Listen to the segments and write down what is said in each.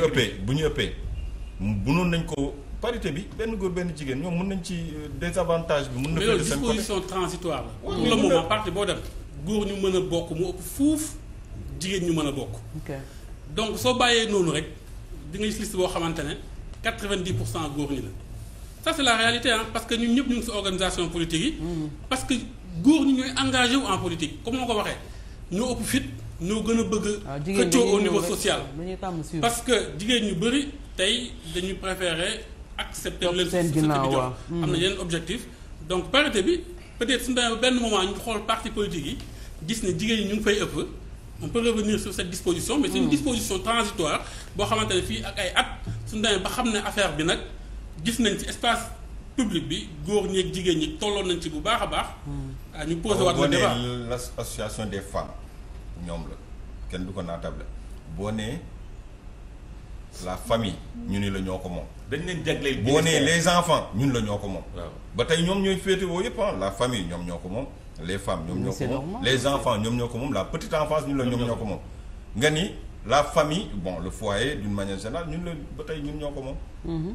ñu ëppee bu ñu ëppee mënoon nañ ko parité bi benn góor benn jigéen ñoom mën nañ ci euh, désavantage bi. mun na ko seen côté disposition transitoire la. pour le moment parti boo dem góor ñu mën a bokk mu ëpp fuuf jigéen ñu mën a bokk. donc soo bàyyee noonu rek di nga boo xamante ne quatre-vingt-dix pour cent góor ñi la. ça c'est la réalité ah parce que ñu ñëpp ñu ngi si organisation politique yi. Mm. parce que góor ñi ñooy engagé wu en politique comme moo ko waxee ñoo ëpp fit. ñoo gën a bëgg ah, xëccoo au niveau social parce que jigéen ñu bëri tey dañu préférer accepter leen société bi jox am na hmm. yeneen objectif donc parité bi peut-être suñu demee benn moment ñu xool parti politique yi gis ne jigéen ñi ñu ngi fay ëpp on peut revenir sur cette disposition mais c'est une hmm. disposition transitoire boo xamante ne fii ak ay at suñu demee ba xam ne affaire bi nag gis nañ ci espace public bi góor ñeeg jigéen ñi tolloon nañ ci bu baax a baax hmm. ah, ñu posé waat na débat l'association des femmes ñoom la kenn du ko naatable boo nee la famille ñu ni la ñoo ko moom. dañ leen jagleel boo nee les enfants ñun la ñoo ko moom. ba tey ñoom ñooy féetewoo yëpp ah la famille ñoom ñoo ko moom. les fem ñoom ñoo ko moom les enfants ñoom ñoo ko moom la petite enfance ñun la ñoom ñoo ko moom. nga ni la famille bon le foyer d'une manière générale ñun la ba tey ñun ñoo ko moom. Mm-hmm.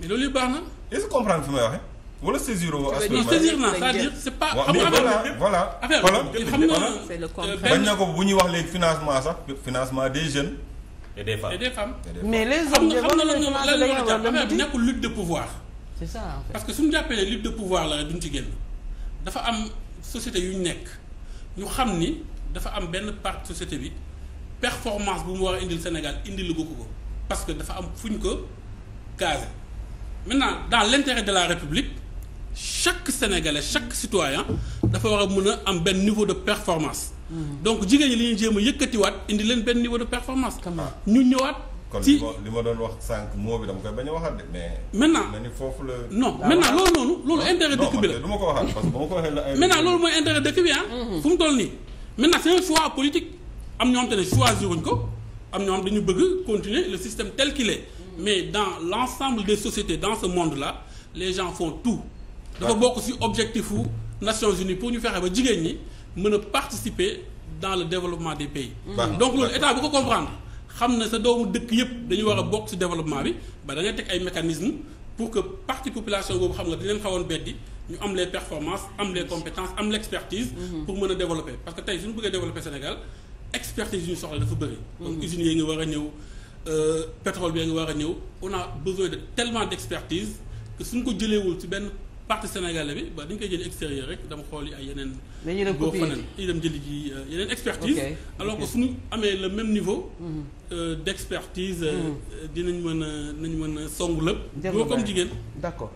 mais loolu yëpp baax est-ce fi may waxee. wala saisir woo non saisir naa c'est-à-dire c'est pas. voilà affaire xam nga c'est le euh, compte bañ na ko bu ñuy wax léegi financement sax financement des jeunes. et des femmes mais xam nga xam nga lan la nekkul lutte de pouvoir. parce que suñu jàppee ne lutte de pouvoir la duñ ci génn dafa am société yu ñu nekk ñu xam ni dafa am benn part société bi performance bu mu war a indil Sénégal indil ko ko parce que dafa am fuñ ko gazé maintenant dans l'intérêt de la République. chaque sénégalais chaque citoyen dafa war a mën a am benn niveau de performance. Hmm. donc jigéen ñi li ñuy jéem a yëkkatiwaat indi leen benn niveau de performance. ñu ñëwaat. ci kon li ma doon wax sànq moo bi a waxal de mais. maintenant na ni foofu la. loolu noonu. loolu dëkk bi la du ma ko waxal parce que ba ma ko waxee loolu mooy intérêt dëkk bi ah. Hmm. fu mu toll nii maintenant c'est un choix politique am ñoo xam te ne choisir ko am ñoo xam dañu bëgg continuer le système tel qu'il est hmm. mais dans l'ensemble des sociétés dans ce monde là les gens font tout. dafa bokk ci objectif wu Nations Unies pour ñu fexe ba jigéen ñi mën a participer dans le développement des pays. Mm. donc loolu état bu ko comprendre xam ne sa doomu dëkk yëpp dañu war a bokk ci développement bi ba da ngay teg ay mécanismes pour que partie population boobu xam nga dañ leen xawoon beddi ñu am les performances am les compétences am l'expertise. Mm-hmm. pour mën a développer parce que tey suñu bëggee développer Sénégal expertise yu ñu soxla dafa bëri. donc mm-hmm. yi nga war a ñëw euh, pétrole bi nga war a ñëw on a besoin de tellement d'expertise que suñ ko jëleewul ci benn. parti sénégalais bi ba dañ koy jëli extérieur rek dama xool yi ay yeneen boo fanen dañuy dem jëli ji euh, yeneen expertise alors que fu ñu amee la même niveau mhm. euh, d' expertise euh, mhm. dinañ mën a nañ mën a song lépp boo am jigéen d'accord